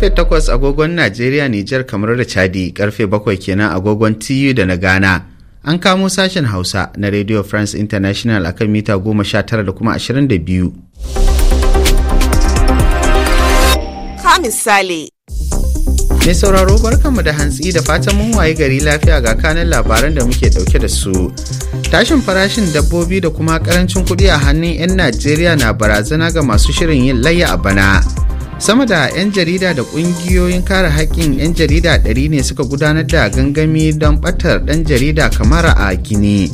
karfe 8 agogon Najeriya Nijar kamar da Chadi karfe 7 kenan agogon TU da na Ghana. An kamo sashen Hausa na Radio France International akan mita 19 da kuma 22. Ka misali. Mai sauraro barkanmu da hantsi da fatan mun waye gari lafiya ga kanan labaran da muke dauke da su. Tashin farashin dabbobi da kuma karancin kuɗi a hannun 'yan Najeriya na barazana ga masu shirin yin layya a bana. sama da 'yan jarida da ƙungiyoyin kare haƙƙin 'yan jarida ɗari ne suka gudanar da gangami don ɓatar ɗan jarida kamara a gini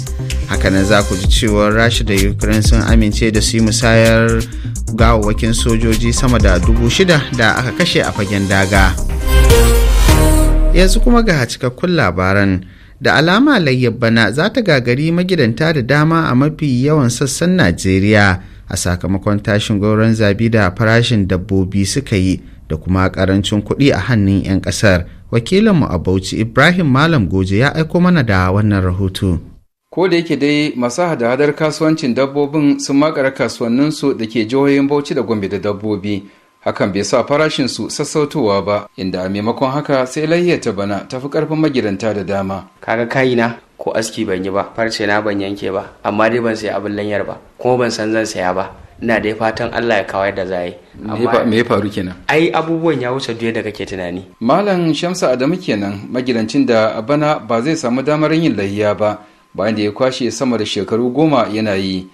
hakanan za ku ji cewar rasha da ukraine sun amince da su yi musayar gawawakin sojoji sama da dubu shida da aka kashe a fagen daga yanzu kuma ga cikakkun labaran da alama layyabana za ta gagari magidanta da dama a mafi yawan sassan najeriya a sakamakon tashin gwauron zabi da farashin dabbobi suka yi da kuma karancin kuɗi a hannun 'yan ƙasar wakilinmu a bauchi ibrahim malam goje ya aiko mana da wannan rahoto ko da yake dai masu hada-hadar kasuwancin dabbobin sun makara kasuwanninsu da ke jihohin bauchi da gombe da dabbobi hakan bai sa farashin su sassautowa ba inda a maimakon haka sai ta bana ta fi karfin magidanta da dama kaga kayina ko aski ban yi ba farce na ban yanke ba amma dai ban sayi abin lanyar ba kuma ban san zan saya ba ina dai fatan Allah ya kawar da zai me ya faru kenan ai abubuwan ya wuce duk da kake tunani malam shamsu Adamu kenan magidancin da bana ba zai samu damar yin layya ba bayan da ya kwashe sama da shekaru goma yana yi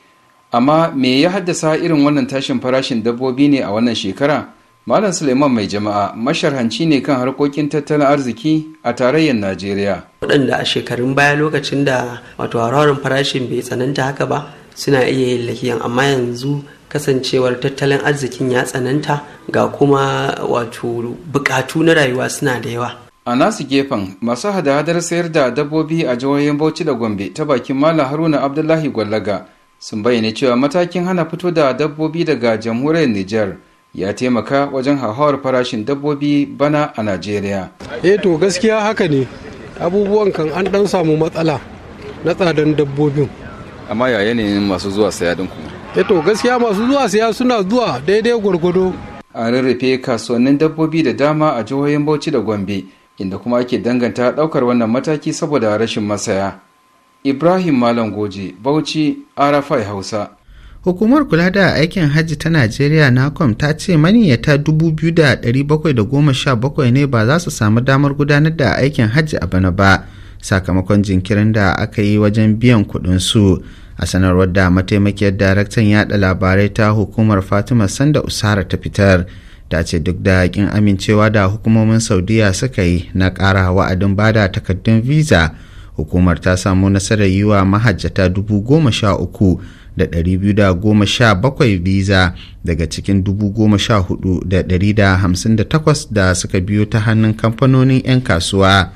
amma me ya haddasa irin wannan tashin farashin dabbobi ne a wannan shekara Malam Suleiman mai jama'a masharhanci ne kan harkokin tattalin arziki a tarayyar Najeriya. Waɗanda a shekarun baya lokacin da wato harawarin farashin bai tsananta haka ba suna iya yin lahiyan amma yanzu kasancewar tattalin arzikin ya tsananta ga kuma wato bukatu na rayuwa suna da yawa. A nasu gefen masu hada-hadar sayar da dabbobi a jihohin Bauchi da Gombe ta bakin Malam Haruna Abdullahi Gwallaga sun bayyana cewa matakin hana fito da dabbobi daga jamhuriyar Nijar ya taimaka wajen hauhawar farashin dabbobi bana a najeriya eh to gaskiya haka ne abubuwan kan an dan samu matsala na tsadan dabbobin amma ya yanayin masu zuwa saya din kuma eh to gaskiya masu zuwa saya suna zuwa daidai gwargwado an rarrafe kasuwannin dabbobi da dama a jihohin bauchi da gombe inda kuma ake danganta daukar wannan mataki saboda rashin masaya ibrahim malam goje bauchi arafai hausa Hukumar kula da aikin hajji ta Najeriya NACOM ta ce maniyyata 2,717 ne ba za su samu damar gudanar da aikin hajji a bana ba sakamakon jinkirin da aka yi wajen biyan kuɗin su. A sanarwar da mataimakiyar daraktan yaɗa labarai ta hukumar Fatima Sanda Usara ta fitar. ta ce duk da yakin amincewa da hukumomin saudiya suka yi na ƙara wa'adin bada takardun visa hukumar ta samu nasarar yi wa mahajjata dubu goma sha uku da 217 visa daga cikin 14,158 da suka biyo ta hannun kamfanonin 'yan kasuwa.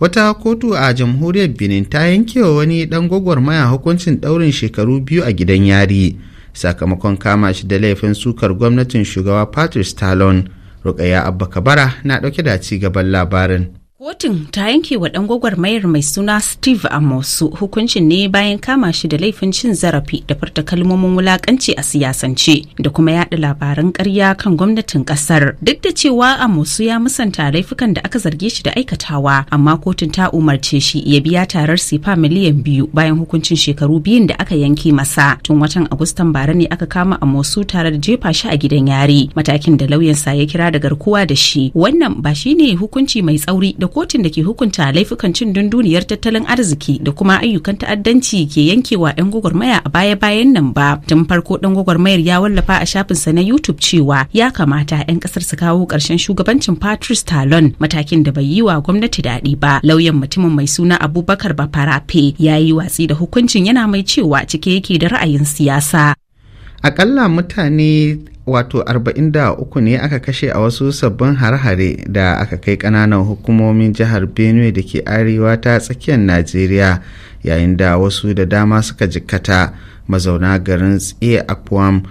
Wata kotu a jamhuriyar Benin ta yankewa wani ɗan gwagwarmaya hukuncin ɗaurin shekaru biyu a gidan yari sakamakon kama shi da laifin sukar gwamnatin shugaba Patrice Talon. Rukaya Abba Kabara na ɗauke da ci gaban labarin. Kotun ta yanke wa ɗan gwagwarmayar mai suna Steve Amosu hukuncin ne bayan kama shi da laifin cin zarafi da furta kalmomin wulakanci a siyasance da kuma yaɗa labaran ƙarya kan gwamnatin ƙasar. Duk da cewa Amosu ya musanta laifukan da aka zarge shi da aikatawa, amma kotun ta umarce shi ya biya tarar sifa miliyan biyu bayan hukuncin shekaru biyun da aka yanke masa. Tun watan Agustan bara ne aka kama Amosu tare da jefa shi a gidan yari, matakin da lauyansa ya kira da garkuwa da shi. Wannan ba shine hukunci mai tsauri da kotun da ke hukunta laifukan cin dunduniyar tattalin arziki da kuma ayyukan ta'addanci ke yankewa 'yan gwagwarmaya a baya-bayan nan ba tun farko dan gwagwarmayar ya wallafa a shafinsa na youtube cewa ya kamata 'yan kasar su kawo ƙarshen shugabancin patrice talon matakin da bai yi wa gwamnati daɗi ba lauyan mutumin mai suna abubakar bafarafe ya yi watsi da hukuncin yana mai cewa cike yake da ra'ayin siyasa Akalla mutane wato 43 ne aka kashe a wasu sabbin har-hare da aka kai kananan hukumomin jihar benue da ke arewa ta tsakiyar najeriya yayin da wasu da dama suka jikkata mazauna garin tsaye akwam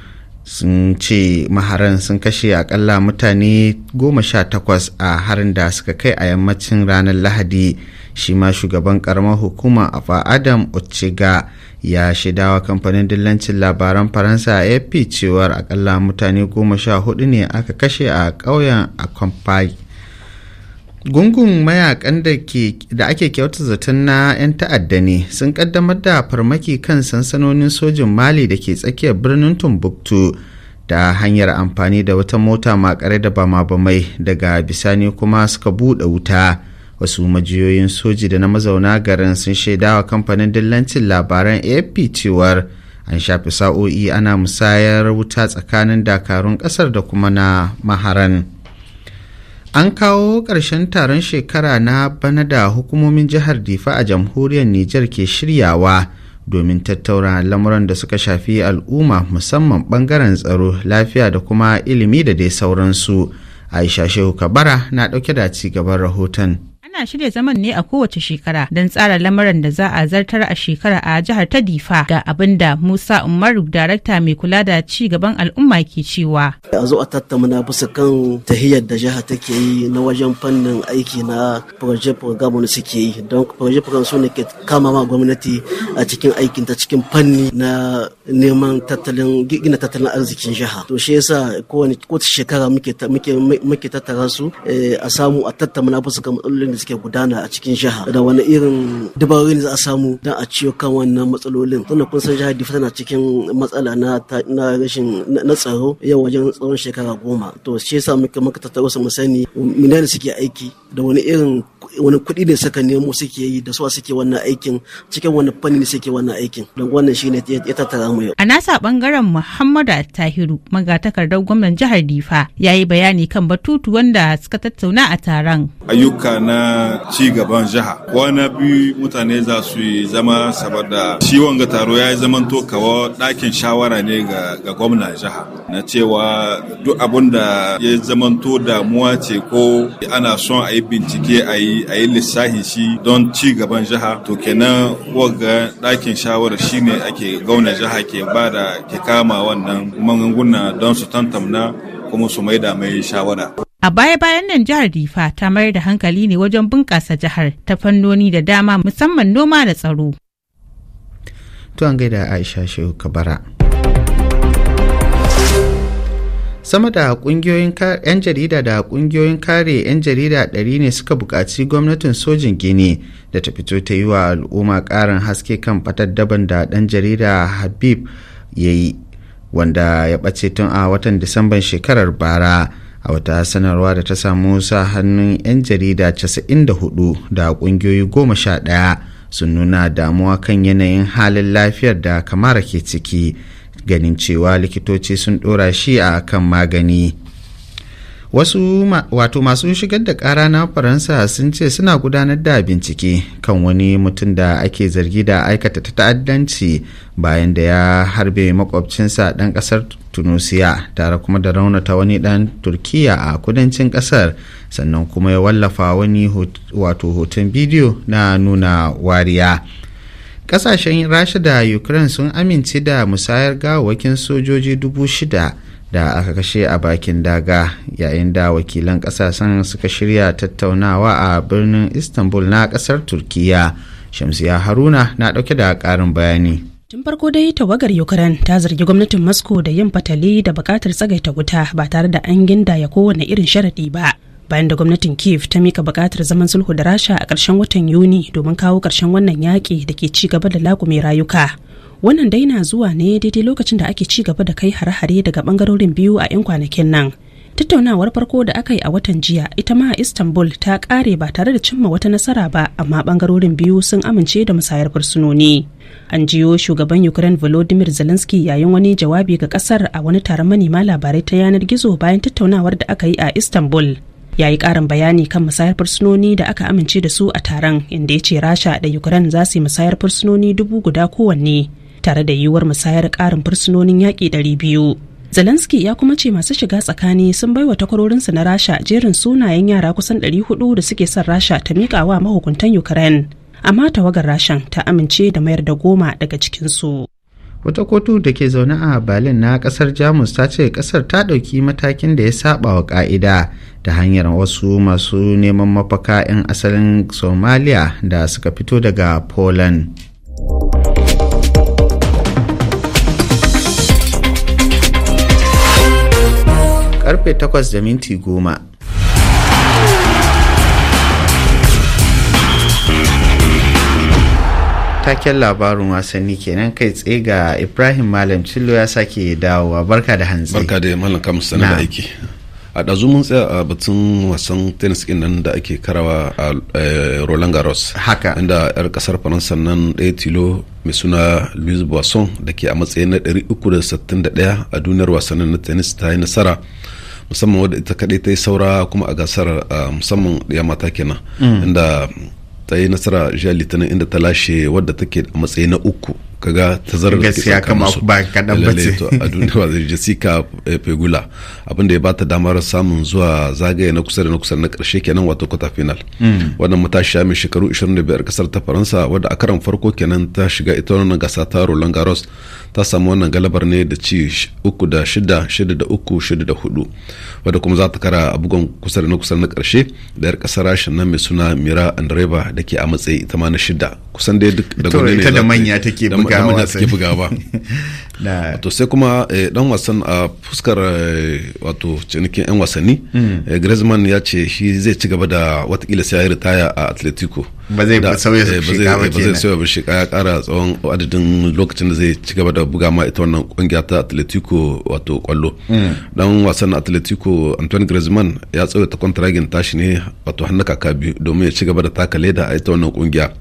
sun ce maharan sun kashe akalla mutane goma sha takwas a harin da suka kai a yammacin ranar lahadi shi ma shugaban karamar hukuma afa adam ochega ya shaidawa kamfanin dillancin labaran faransa ap cewar akalla mutane goma sha hudu ne aka kashe a ƙauyen akwamfai gungun mayakan da ake kyauta zaton na 'yan ta'adda ne sun kaddamar da farmaki kan sansanonin sojin mali da ke tsakiyar birnin tumbuktu da hanyar amfani da wata mota makare da bama mai, daga bisani kuma suka buɗe wuta wasu majiyoyin soji da na mazauna garin sun shaidawa kamfanin dillancin labaran afp cewar an shafi sa'o'i ana musayar wuta tsakanin dakarun ƙasar da kuma na maharan. An kawo ƙarshen taron shekara na bana da hukumomin jihar Difa a jamhuriyar Nijar ke shiryawa domin tattauna lamuran da suka shafi al'umma musamman ɓangaren tsaro, lafiya da kuma ilimi da dai sauransu. Aisha Shehu Kabara na ɗauke da ci gaban rahoton. ana shirya zaman ne a kowace shekara don tsara lamarin da za a zartar a shekara a jihar ta difa ga abinda musa umaru darakta mai kula da ci gaban al'umma ke cewa a zo a tattauna bisa kan tahiyar da jiha take yi na wajen fannin aiki na proje program wani suke yi don proje program su ne ke kama ma gwamnati a cikin aikin ta cikin fanni na neman tattalin gina tattalin arzikin jiha to shi yasa kowace shekara muke muke muke tattara su eh, a samu a tattauna bisa kan matsalolin da suke gudana a cikin jiha da wani irin dabarori ne za a samu don a ciyo kan wannan matsalolin tunda kun san jihar difa tana cikin matsala na rashin na tsaro yau wajen tsawon shekara goma to shi yasa muka muka tattauna su mu sani menene suke aiki da wani irin wani kuɗi ne suka nemo suke yi da suwa suke wannan aikin cikin wani fanni ne suke wannan aikin don wannan shine ya tattara mu yau. A nasa bangaren Muhammadu Tahiru magatakardar gwamnan jihar Difa ya yi bayani kan batutu wanda suka tattauna a taron. Ayyuka na ci gaban jiha kwana biyu mutane za su yi zama saboda shi wanga taro ya yi zaman to kawo ɗakin shawara ne ga gwamna jiha na cewa duk abun da ya zamanto damuwa ce ko ana son a yi bincike a yi yi a yi lissafi shi don ci gaban jiha to kenan ga ɗakin shawarar shine ake gauna jiha ke ba da ke kama wannan magunguna don su tantamna kuma su maida mai shawara. A baya-bayan nan jihar Difa ta mayar da hankali ne wajen bunƙasa jihar ta fannoni da dama musamman noma da tsaro. To an gaida Aisha Shehu Kabara. sama da kungiyoyin 'yan jarida da kungiyoyin kare 'yan jarida ɗari ne suka buƙaci gwamnatin sojin gini da ta fito ta yi wa al'umma ƙarin haske kan fatar daban da ɗan jarida habib ya yi wanda ya ɓace tun a watan disamban shekarar bara a wata sanarwa da ta samu sa hannun 'yan jarida 94 da ƙungiyoyi 11 sun nuna damuwa kan yanayin halin lafiyar da kamara ke ciki ganin cewa likitoci sun ɗora shi a kan magani wasu wato masu shigar da ƙara na faransa sun ce suna gudanar da bincike kan wani mutum da ake zargi da aikata ta ta'addanci bayan da ya harbe makwabcinsa ɗan ƙasar tunisia tare kuma da raunata wani ɗan turkiya a kudancin ƙasar sannan kuma ya wallafa wani wato hoton bidiyo na nuna wariya kasashen rasha da ukraine sun amince da musayar gawakin sojoji dubu shida da aka kashe a bakin daga yayin da wakilan kasashen suka shirya tattaunawa a birnin istanbul na kasar turkiya shamsiya haruna na dauke da karin bayani tun farko dai tawagar ukraine ta zargi gwamnatin moscow da yin fatali da bukatar tsagaita wuta ba tare da an ginda ya kowane irin sharaɗi ba bayan da gwamnatin kiev ta mika bukatar zaman sulhu da rasha a ƙarshen watan yuni domin kawo ƙarshen wannan yaƙi da ke ci gaba da lagume rayuka wannan dai na zuwa ne daidai lokacin da ake ci gaba da kai hare-hare daga bangarorin biyu a 'yan kwanakin nan tattaunawar farko da aka yi a watan jiya ita ma a istanbul ta kare ba tare da cimma wata nasara ba amma bangarorin biyu sun amince da musayar fursunoni an jiyo shugaban ukraine volodymyr zelensky yayin wani jawabi ga kasar a wani taron manema labarai ta yanar gizo bayan tattaunawar da aka yi a istanbul ya yi ƙarin bayani kan musayar fursunoni da aka amince da su a taron inda ya ce rasha da ukraine za su yi musayar fursunoni dubu guda kowanne tare da yiwuwar musayar ƙarin fursunonin yaƙi ɗari biyu zelensky ya kuma ce masu shiga tsakani sun bai wa takwarorinsu na rasha jerin sunayen yara kusan ɗari hudu da suke son rasha ta miƙa wa mahukuntan ukraine amma tawagar rashan ta amince da mayar da goma daga cikinsu wata kotu da ke zaune a berlin na kasar jamus ta ce kasar ta ɗauki matakin da ya saba wa ƙa'ida ta hanyar wasu masu neman mafaka 'yan asalin somalia da suka fito daga poland karfe 8:10 da minti goma taken labarin wasanni kenan kai tsaye ga ibrahim malam cillo ya sake dawowa barka da hantsi barka da malam kamu sanar da aiki a ɗazu mun tsaya a batun wasan tennis ɗin nan da ake karawa a eh, roland garros haka inda yar kasar faransa nan ɗaya tilo mai suna louis boisson da ke a matsayin na 361 a duniyar wasannin na tennis ta yi nasara musamman wadda ita kaɗai ta yi saura kuma a gasar ah, musamman ya mata kenan mm. inda ta yi nasara jiya litinin inda ta lashe wadda take a matsayi na uku kaga tazarar gaskiya kama ba kadan ba ce a duniya ba zai jessica pegula abin da ya bata damar samun zuwa zagaye na kusa da na kusa na karshe kenan wato kota final mm. wannan matashiya mai shekaru 25 kasar ta faransa wadda a karan farko kenan ta shiga ita wannan gasa ta roland garros ta samu wannan galabar ne da ci uku da shida shida da uku shida da hudu wadda kuma za ta kara a bugun kusa da na kusa na karshe da yar kasar rashin nan mai suna mira andreba da ke a matsayi ita ma na shida kusan dai duk da ita da manya take bugawa da suke bugawa wato sai kuma eh, dan wasan a fuskar eh, wato cinikin yan wasanni hmm. eh, Griezmann ya ce shi zai ci gaba da watakila sai ya ritaya a Atletico ba zai sauya shi ba ya kara tsawon adadin lokacin da zai ci gaba da buga ma ita wannan kungiya ta Atletico wato kwallo hmm. dan wasan Atletico Antoine Griezmann ya tsawaita kwantaragin tashi ne wato hannaka kaka biyu domin ya ci gaba da taka leda a ita wannan kungiya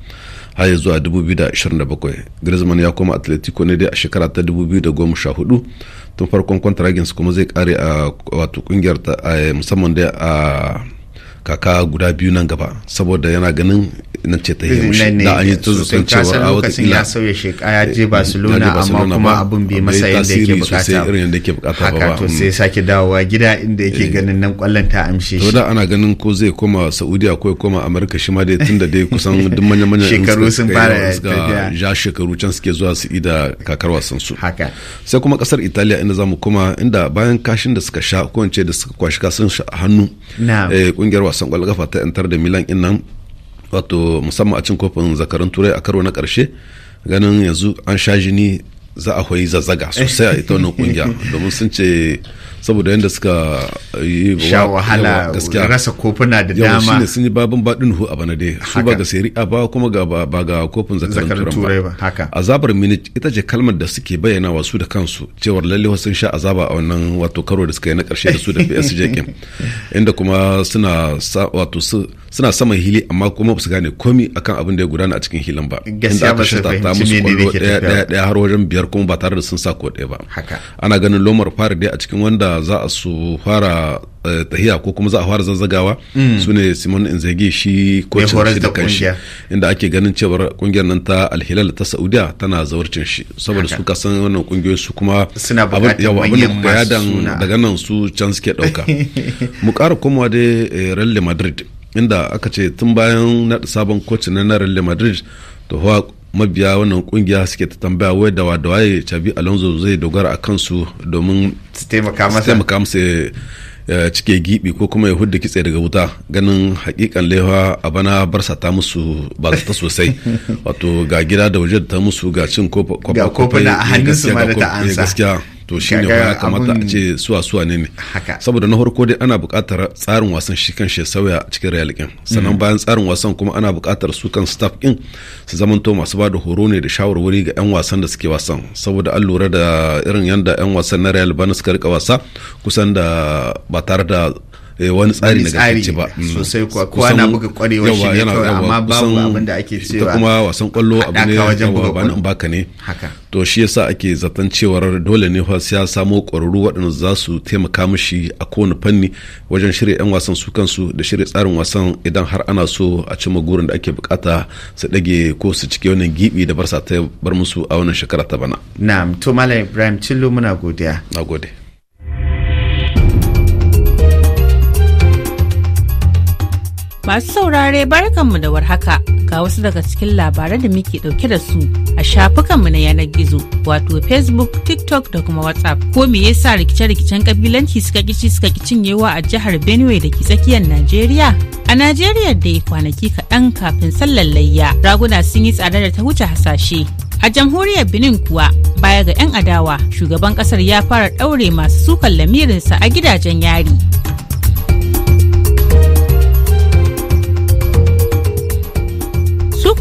har ya zuwa 2027 griezmann ya koma atletico ne dai a shekara ta 2014 tun farkon kwantaraginsa kuma zai kare a wato kungiyar eh, musamman dai a kaka guda biyu nan gaba saboda yana ganin nan ce ta yi mushi da an yi tuzutan cewa a wata ya sauya ya je barcelona amma kuma abin bai masa yadda yake bukata irin yadda yake bukata haka to mm. sai sake dawowa gida inda yake eh. ganin nan kwallon ta amshe shi to da ana ganin ko zai koma saudiya ko ya koma amurka shi ma dai tunda dai kusan duk manyan manyan shekaru sun fara ja shekaru can suke zuwa su ida kakar wasan su haka sai kuma kasar italiya inda zamu koma inda bayan kashin da suka sha ko da suka kwashi kasan hannu eh, kungiyar wasan kwallon kafa ta yantar da milan in nan wato musamman a cin kofin zakarun turai a karo na karshe ganin yanzu an sha jini za a hoyi zazzaga sosai a ita wannan kungiya domin sun ce saboda yadda suka yi sha wahala rasa kofuna da dama yawanci shine sun yi babin baɗin hu a bana dai su ba ga a ba kuma ga ba ga kofin zakaran turai ba haka azabar minit ita ce kalmar da suke bayyana wa su da kansu cewar lalle sun sha azaba a wannan wato karo da suka yi na karshe da su da PSG game inda kuma suna wato suna saman hili amma kuma su gane komi akan abin da ya gudana a cikin hilin ba inda aka shata ta musu kwallo daya daya har wajen biyar kuma ba tare da sun sa ko daya ba ana ganin lomar fara dai a cikin wanda za su fara eh, tahiya ko kuma za a fara zazzagawa mm. su ne simon zage shi kocin shi da kanshi inda ake ganin cewar kungiyar nan ta alhilal ta saudiya tana zawarcin shi saboda su ka san wannan kungiyoyin su kuma abin da yadan daga nan su can suke dauka mu kara komawa da eh, real madrid inda aka ce tun bayan naɗa sabon kocin na real madrid to mabiya wannan kungiya suke ta tambaya wai da da waye Chabi Alonso zai dogara a kansu domin su taimaka masa taimaka masa cike gibi ko kuma ya hudda kitse daga wuta ganin hakikan laifa a bana barsa ta musu ba ta sosai wato ga gida da waje ta musu ga cin kofa kofa ga kofa na hannun su eh, ma da ta ansa eh, to shi ne ya kamata a ce suwa suwa ne ne saboda na farko dai ana bukatar tsarin wasan shi kan shi sauya cikin real din sannan mm. bayan tsarin wasan kuma ana buƙatar su kan staff din su zamanto masu ba da horo ne da shawarwari ga 'yan wasan da suke wasan saboda an lura da irin yanda 'yan wasan na real bana suka rika wasa kusan da ba tare da Eh, wani tsari na gaske ba mm. sosai kuwa kowa na buga kwarewa shi ne kawai amma babu abin da ake cewa kuma wasan kwallo abu ne yawa ba nan baka ne to shi yasa ake zaton cewa dole ne fa ya samo kwararru waɗanda za su taimaka mishi a kowane fanni wajen shirya yan wasan su kansu da shirya tsarin wasan idan har ana so a cimma gurin da ake bukata su dage ko su cike wannan gibi da barsa ta bar musu a wannan shekara ta bana na'am to malam ibrahim cillo muna godiya na gode Masu saurare barkanmu da warhaka ga wasu daga cikin labaran da muke dauke da su a shafukanmu na yanar gizo wato Facebook, TikTok da kuma WhatsApp. Ko me yasa rikice-rikicen kabilanci suka kici suka cinyewa a jihar Benue da ke tsakiyar Najeriya? A Najeriya dai kwanaki kaɗan kafin sallar layya raguna sun yi tsada da ta wuce hasashe. A jamhuriyar Benin kuwa baya ga 'yan adawa shugaban kasar ya fara ɗaure masu sukan lamirinsa a gidajen yari.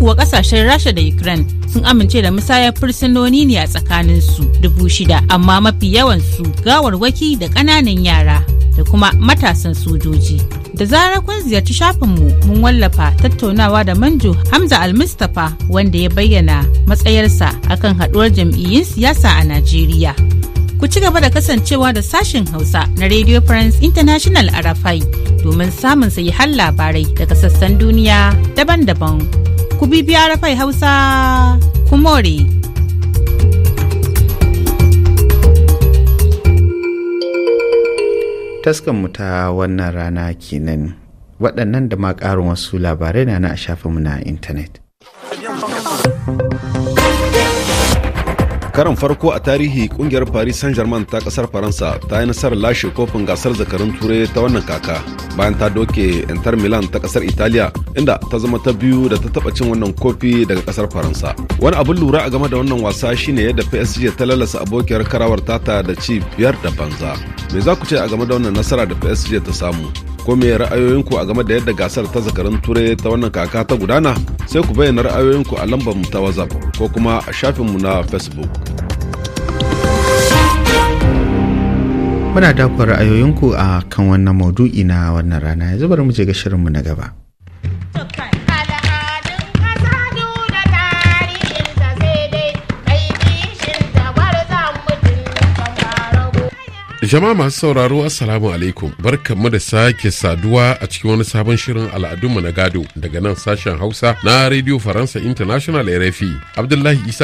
kuwa kasashen Rasha da Ukraine sun amince da musayar fursunoni ne a tsakanin su dubu shida amma mafi yawan su gawarwaki da ƙananan yara da kuma matasan sojoji. Da zarar kun ziyarci shafinmu mun wallafa tattaunawa da manjo Hamza Al-Mustapha wanda ya bayyana matsayarsa akan haɗuwar jam'iyyun siyasa a Najeriya. Ku ci gaba da kasancewa da sashen Hausa na Radio France International a domin samun sayi har labarai daga sassan duniya daban-daban. ku bibiya rafai hausa ku more. taskanmu ta wannan rana kenan waɗannan da ma ƙarin wasu labarai na na a shafinmu na intanet. karan farko a tarihi kungiyar paris saint-germain ta kasar faransa ta yi nasarar lashe kofin gasar zakarun turai ta wannan kaka bayan ta doke inter milan ta kasar italiya inda ta zama ta biyu da ta taba cin wannan kofi daga kasar faransa wani abin lura a game da wannan wasa shine yadda psg ta lalasa abokiyar karawar tata da ci biyar da banza me za ku ce a game da wannan nasara da psg ta samu ko me ra'ayoyinku a game da yadda gasar ta zakarin turai ta wannan kaka ta gudana sai ku bayyana ra'ayoyinku a lambar mu ta whatsapp ko kuma a shafinmu na facebook muna dakon ra'ayoyinku a kan wannan maudu'i na wannan rana yanzu bari mu je ga shirinmu na gaba Jama'a masu sauraro Assalamu alaikum barkanmu da sake saduwa a cikin wani sabon shirin al'adunmu na gado daga nan sashen Hausa na rediyo Faransa International RFI. Abdullahi Isa